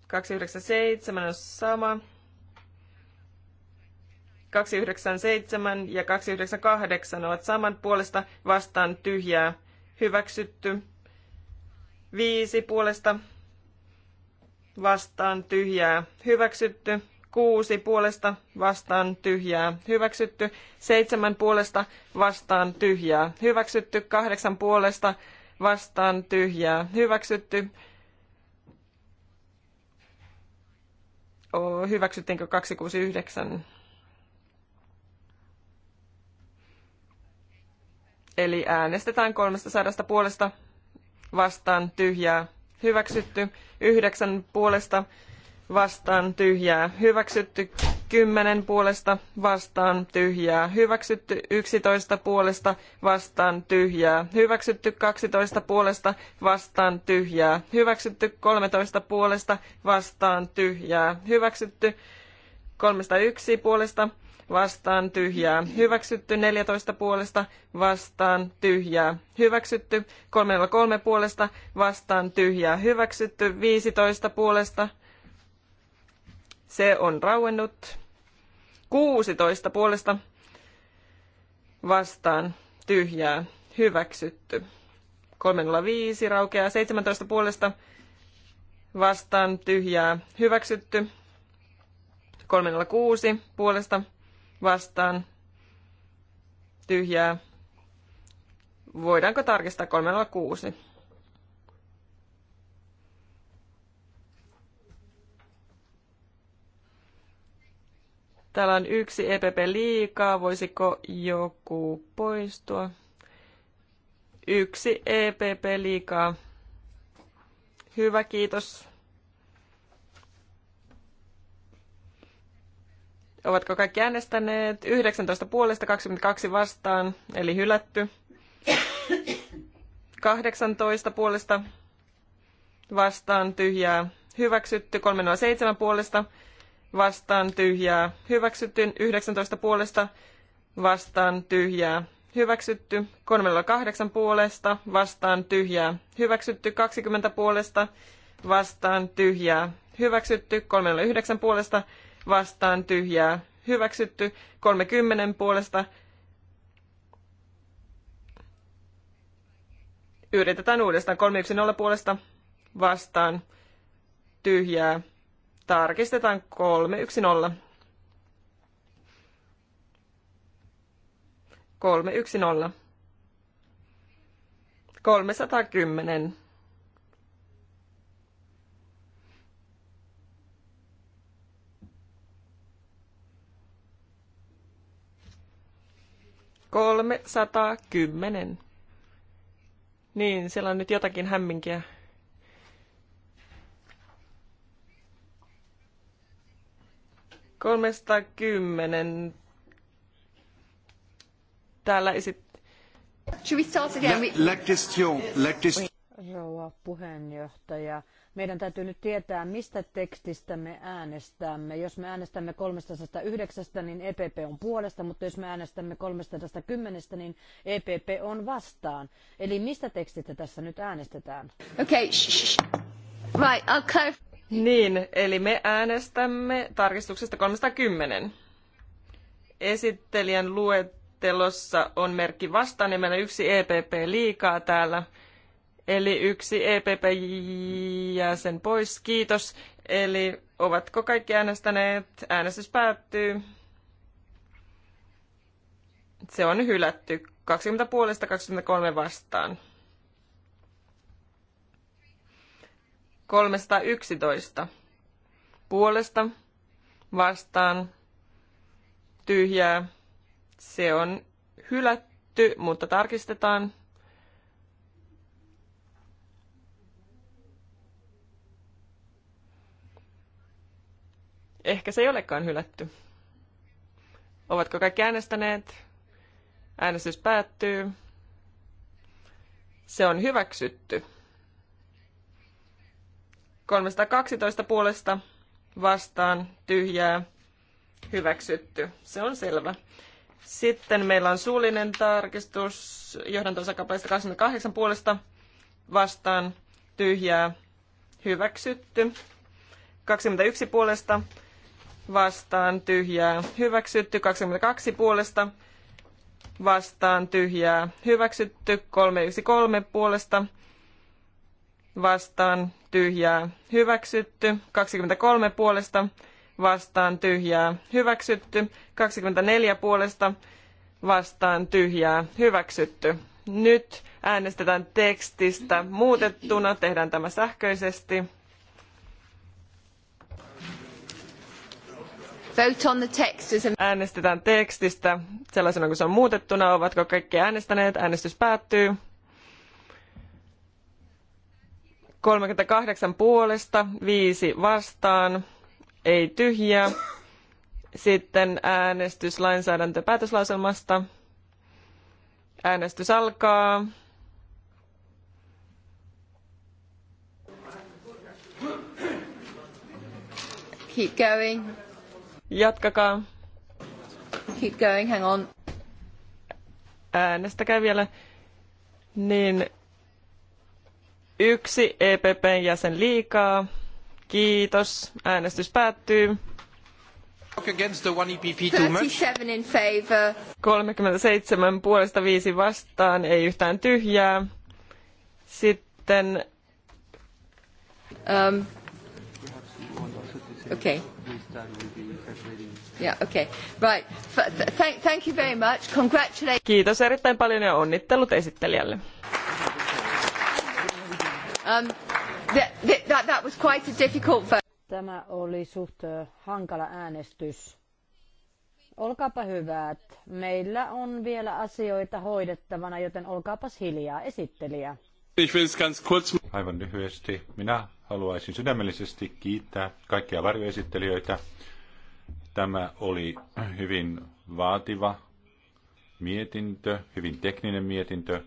297 on sama, 297 ja 298 ovat saman puolesta vastaan tyhjää hyväksytty. Viisi puolesta vastaan tyhjää hyväksytty. Kuusi puolesta vastaan tyhjää hyväksytty. Seitsemän puolesta vastaan tyhjää hyväksytty. Kahdeksan puolesta vastaan tyhjää hyväksytty. hyväksyttiinkö 269? Eli äänestetään 300 puolesta vastaan tyhjää hyväksytty, 9 puolesta vastaan tyhjää hyväksytty, 10 puolesta vastaan tyhjää hyväksytty, 11 puolesta vastaan tyhjää hyväksytty, 12 puolesta vastaan tyhjää hyväksytty, 13 puolesta vastaan tyhjää hyväksytty, 301 puolesta vastaan tyhjää. Hyväksytty 14 puolesta vastaan tyhjää. Hyväksytty 33 puolesta vastaan tyhjää. Hyväksytty 15 puolesta. Se on rauennut. 16 puolesta vastaan tyhjää. Hyväksytty. 305 raukeaa 17 puolesta vastaan tyhjää. Hyväksytty. 306 puolesta vastaan tyhjää. Voidaanko tarkistaa 306? Täällä on yksi EPP liikaa. Voisiko joku poistua? Yksi EPP liikaa. Hyvä, kiitos. Ovatko kaikki äänestäneet? 19 puolesta 22 vastaan, eli hylätty. 18 puolesta vastaan tyhjää hyväksytty. 307 puolesta vastaan tyhjää hyväksytty. 19 puolesta vastaan tyhjää hyväksytty. 38 puolesta vastaan tyhjää hyväksytty. 20 puolesta vastaan tyhjää hyväksytty. 309 puolesta vastaan, tyhjää, vastaan tyhjää hyväksytty. 30 puolesta yritetään uudestaan. 310 puolesta vastaan tyhjää. Tarkistetaan 310. 310. 310. 310. Niin, siellä on nyt jotakin hämminkiä. Kolmesta kymmenen. Täällä esit... Should we start again? La, la question, la question. Rouva puheenjohtaja, meidän täytyy nyt tietää, mistä tekstistä me äänestämme. Jos me äänestämme 309, niin EPP on puolesta, mutta jos me äänestämme 310, niin EPP on vastaan. Eli mistä tekstistä tässä nyt äänestetään? Okay, Right, I'll clarify. Niin, eli me äänestämme tarkistuksesta 310. Esittelijän luettelossa on merkki vastaan ja meillä on yksi EPP liikaa täällä. Eli yksi EPP-jäsen pois. Kiitos. Eli ovatko kaikki äänestäneet? Äänestys päättyy. Se on hylätty. 20 puolesta 23 vastaan. 311 puolesta vastaan tyhjää. Se on hylätty, mutta tarkistetaan. Ehkä se ei olekaan hylätty. Ovatko kaikki äänestäneet? Äänestys päättyy. Se on hyväksytty. 312 puolesta vastaan tyhjää hyväksytty. Se on selvä. Sitten meillä on suullinen tarkistus johdantosakapäistä 28 puolesta vastaan tyhjää hyväksytty. 21 puolesta vastaan tyhjää hyväksytty, 22 puolesta vastaan tyhjää hyväksytty, 313 puolesta vastaan tyhjää hyväksytty, 23 puolesta vastaan tyhjää hyväksytty, 24 puolesta vastaan tyhjää hyväksytty. Nyt äänestetään tekstistä muutettuna, tehdään tämä sähköisesti. Vote on the text a... Äänestetään tekstistä sellaisena kuin se on muutettuna. Ovatko kaikki äänestäneet? Äänestys päättyy. 38 puolesta, 5 vastaan, ei tyhjiä. Sitten äänestys lainsäädäntöpäätöslauselmasta. Äänestys alkaa. Keep going. Jatkakaa. Keep going, hang on. Äänestäkää vielä. Niin yksi EPPn jäsen liikaa. Kiitos. Äänestys päättyy. 37 e puolesta viisi vastaan, ei yhtään tyhjää. Sitten... Um, okay. Kiitos erittäin paljon ja onnittelut esittelijälle. Um, that, that was quite a difficult vote. Tämä oli suht hankala äänestys. Olkaapa hyvät. Meillä on vielä asioita hoidettavana, joten olkaapas hiljaa esittelijä. Aivan lyhyesti. Minä haluaisin sydämellisesti kiittää kaikkia varjoesittelijöitä. Tämä oli hyvin vaativa mietintö, hyvin tekninen mietintö.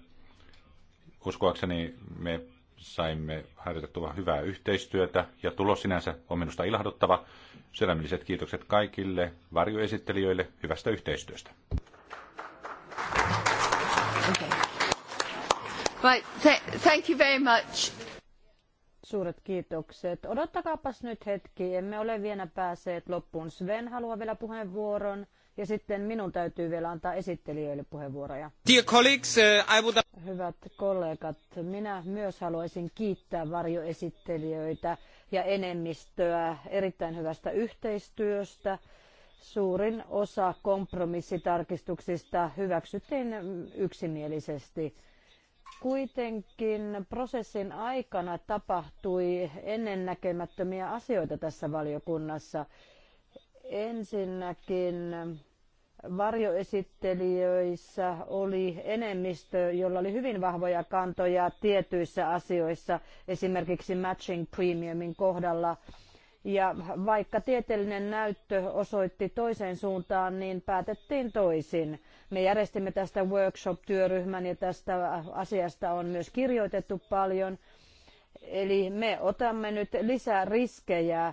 Uskoakseni me saimme harjoitettua hyvää yhteistyötä ja tulos sinänsä on minusta ilahduttava. Sydämelliset kiitokset kaikille varjoesittelijöille hyvästä yhteistyöstä. Okay. Right, thank you very much. Suuret kiitokset. Odottakaapas nyt hetki, emme ole vielä päässeet loppuun. Sven haluaa vielä puheenvuoron ja sitten minun täytyy vielä antaa esittelijöille puheenvuoroja. Dear colleagues, uh, I would... Hyvät kollegat, minä myös haluaisin kiittää varjoesittelijöitä ja enemmistöä erittäin hyvästä yhteistyöstä. Suurin osa kompromissitarkistuksista hyväksyttiin yksimielisesti Kuitenkin prosessin aikana tapahtui ennennäkemättömiä asioita tässä valiokunnassa. Ensinnäkin varjoesittelijöissä oli enemmistö, jolla oli hyvin vahvoja kantoja tietyissä asioissa, esimerkiksi matching premiumin kohdalla – ja vaikka tieteellinen näyttö osoitti toiseen suuntaan, niin päätettiin toisin. Me järjestimme tästä workshop-työryhmän ja tästä asiasta on myös kirjoitettu paljon. Eli me otamme nyt lisää riskejä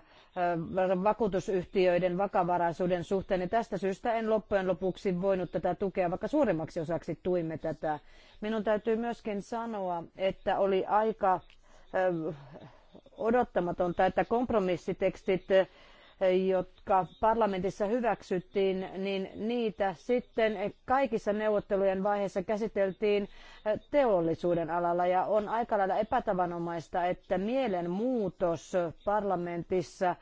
vakuutusyhtiöiden vakavaraisuuden suhteen. Ja tästä syystä en loppujen lopuksi voinut tätä tukea, vaikka suurimmaksi osaksi tuimme tätä. Minun täytyy myöskin sanoa, että oli aika odottamatonta, että kompromissitekstit, jotka parlamentissa hyväksyttiin, niin niitä sitten kaikissa neuvottelujen vaiheissa käsiteltiin teollisuuden alalla. Ja on aika lailla epätavanomaista, että mielenmuutos parlamentissa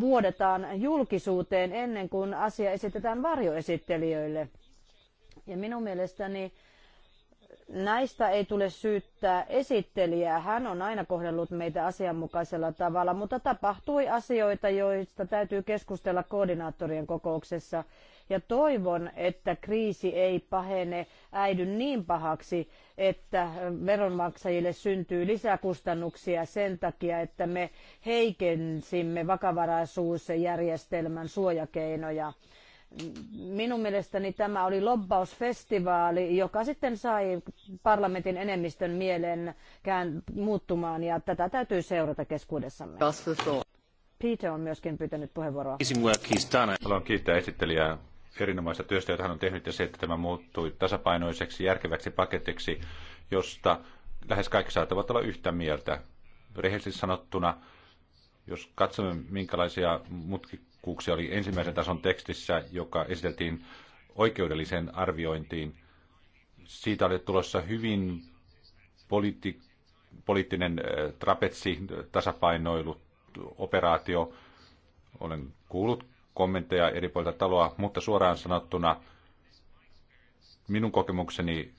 vuodetaan julkisuuteen ennen kuin asia esitetään varjoesittelijöille. Ja minun mielestäni Näistä ei tule syyttää esittelijää. Hän on aina kohdellut meitä asianmukaisella tavalla, mutta tapahtui asioita, joista täytyy keskustella koordinaattorien kokouksessa. Ja toivon, että kriisi ei pahene äidyn niin pahaksi, että veronmaksajille syntyy lisäkustannuksia sen takia, että me heikensimme vakavaraisuusjärjestelmän suojakeinoja. Minun mielestäni tämä oli lobbausfestivaali, joka sitten sai parlamentin enemmistön kään muuttumaan ja tätä täytyy seurata keskuudessamme. Peter on myöskin pyytänyt puheenvuoroa. Haluan kiittää esittelijää erinomaista työstä, jota hän on tehnyt, ja se, että tämä muuttui tasapainoiseksi, järkeväksi paketiksi, josta lähes kaikki saattavat olla yhtä mieltä. Rehellisesti sanottuna, jos katsomme minkälaisia mutki, tarkkuuksia oli ensimmäisen tason tekstissä, joka esiteltiin oikeudelliseen arviointiin. Siitä oli tulossa hyvin politi- poliittinen trapetsi, tasapainoilu, operaatio. Olen kuullut kommentteja eri puolilta taloa, mutta suoraan sanottuna minun kokemukseni,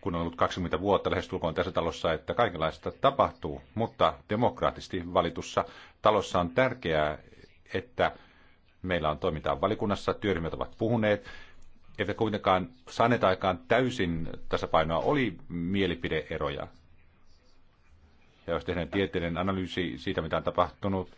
kun on ollut 20 vuotta lähestulkoon tässä talossa, että kaikenlaista tapahtuu, mutta demokraattisesti valitussa talossa on tärkeää, että meillä on toimintaa valikunnassa, työryhmät ovat puhuneet, eivät kuitenkaan saaneet aikaan täysin tasapainoa, oli mielipideeroja. Ja jos tehdään tieteellinen analyysi siitä, mitä on tapahtunut,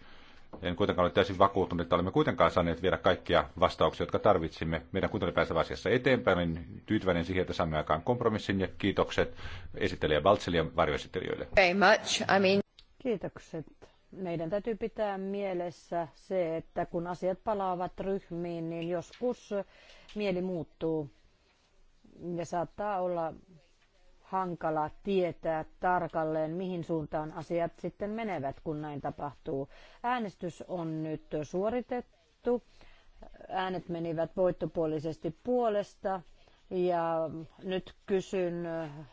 en kuitenkaan ole täysin vakuuttunut, että olemme kuitenkaan saaneet viedä kaikkia vastauksia, jotka tarvitsimme. Meidän kuitenkin pääsevä asiassa eteenpäin. Olen tyytyväinen siihen, että saamme aikaan kompromissin ja kiitokset esittelijä Baltsille ja varjoesittelijöille. Very much. I mean... Kiitokset meidän täytyy pitää mielessä se, että kun asiat palaavat ryhmiin, niin joskus mieli muuttuu ja saattaa olla hankala tietää tarkalleen, mihin suuntaan asiat sitten menevät, kun näin tapahtuu. Äänestys on nyt suoritettu. Äänet menivät voittopuolisesti puolesta. Ja nyt kysyn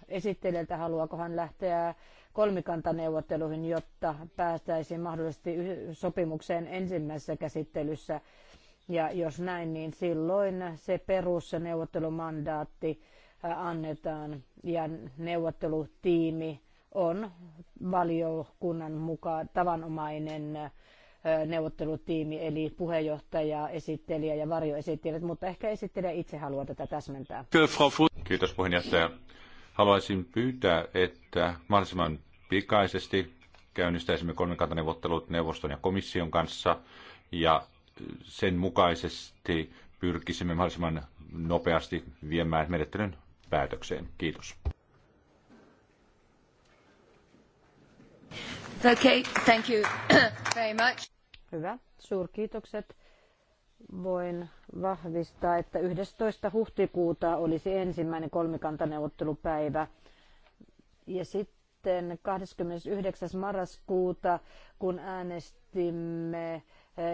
esittelijältä, haluaako hän lähteä kolmikantaneuvotteluihin, jotta päästäisiin mahdollisesti sopimukseen ensimmäisessä käsittelyssä. Ja jos näin, niin silloin se perusneuvottelumandaatti äh, annetaan ja neuvottelutiimi on valiokunnan mukaan tavanomainen äh, neuvottelutiimi, eli puheenjohtaja, esittelijä ja varjoesittelijät, mutta ehkä esittelijä itse haluaa tätä täsmentää. Kiitos puheenjohtaja. Haluaisin pyytää, että mahdollisimman pikaisesti. Käynnistäisimme kolmikantaneuvottelut neuvoston ja komission kanssa ja sen mukaisesti pyrkisimme mahdollisimman nopeasti viemään menettelyn päätökseen. Kiitos. Okay, thank you very much. Hyvä, suurkiitokset. Voin vahvistaa, että 11. huhtikuuta olisi ensimmäinen kolmikantaneuvottelupäivä. Ja sitten sitten 29. marraskuuta, kun äänestimme eh,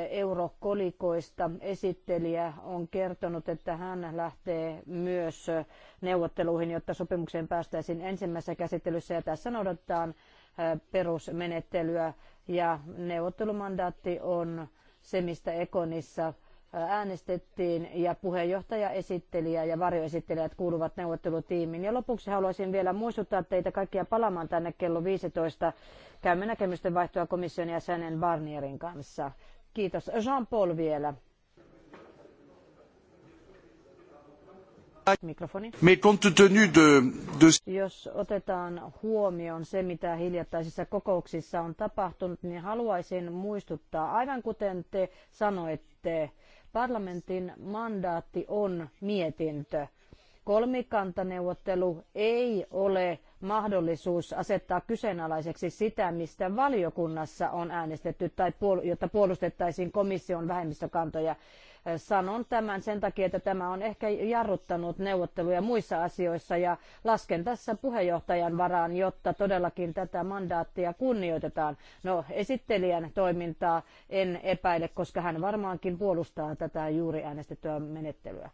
eurokolikoista, esittelijä on kertonut, että hän lähtee myös eh, neuvotteluihin, jotta sopimukseen päästäisiin ensimmäisessä käsittelyssä ja tässä noudatetaan eh, perusmenettelyä ja neuvottelumandaatti on se, mistä Ekonissa äänestettiin ja puheenjohtaja, esittelijä ja varjoesittelijät kuuluvat neuvottelutiimiin. Ja lopuksi haluaisin vielä muistuttaa teitä kaikkia palaamaan tänne kello 15. Käymme näkemysten vaihtoa komission jäsenen Barnierin kanssa. Kiitos. Jean-Paul vielä. Mikrofoni. Jos otetaan huomioon se, mitä hiljattaisissa kokouksissa on tapahtunut, niin haluaisin muistuttaa, aivan kuten te sanoitte, Parlamentin mandaatti on mietintö. Kolmikantaneuvottelu ei ole mahdollisuus asettaa kyseenalaiseksi sitä, mistä valiokunnassa on äänestetty, tai puol- jotta puolustettaisiin komission vähemmistökantoja. Sanon tämän sen takia, että tämä on ehkä jarruttanut neuvotteluja muissa asioissa ja lasken tässä puheenjohtajan varaan, jotta todellakin tätä mandaattia kunnioitetaan. No, esittelijän toimintaa en epäile, koska hän varmaankin puolustaa tätä juuri äänestettyä menettelyä.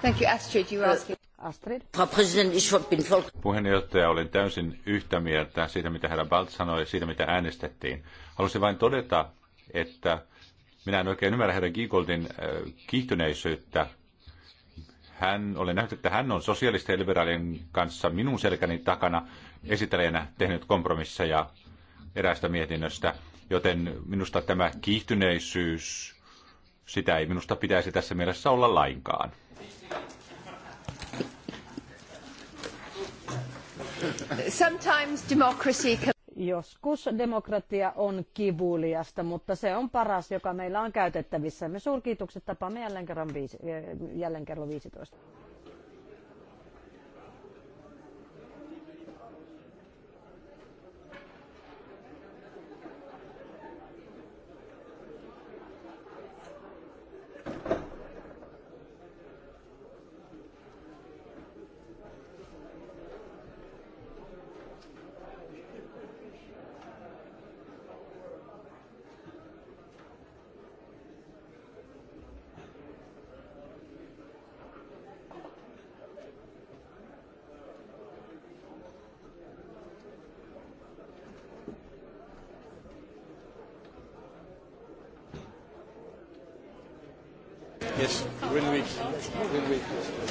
Thank you, Astrid. You asked... Astrid. Puheenjohtaja, olen täysin yhtä mieltä siitä, mitä herra Balt sanoi ja siitä, mitä äänestettiin. Halusin vain todeta, että minä en oikein ymmärrä herran Giegoldin äh, kiihtyneisyyttä. Hän, olen nähnyt, että hän on sosiaalisten liberaalien kanssa minun selkäni takana esittelijänä tehnyt kompromisseja eräästä mietinnöstä, joten minusta tämä kiihtyneisyys, sitä ei minusta pitäisi tässä mielessä olla lainkaan. Sometimes democracy can... Joskus demokratia on kivuliasta, mutta se on paras, joka meillä on käytettävissä. Me suurkiitokset tapaamme jälleen kerran, viisi, eh, jälleen kerran 15. Oui, oui.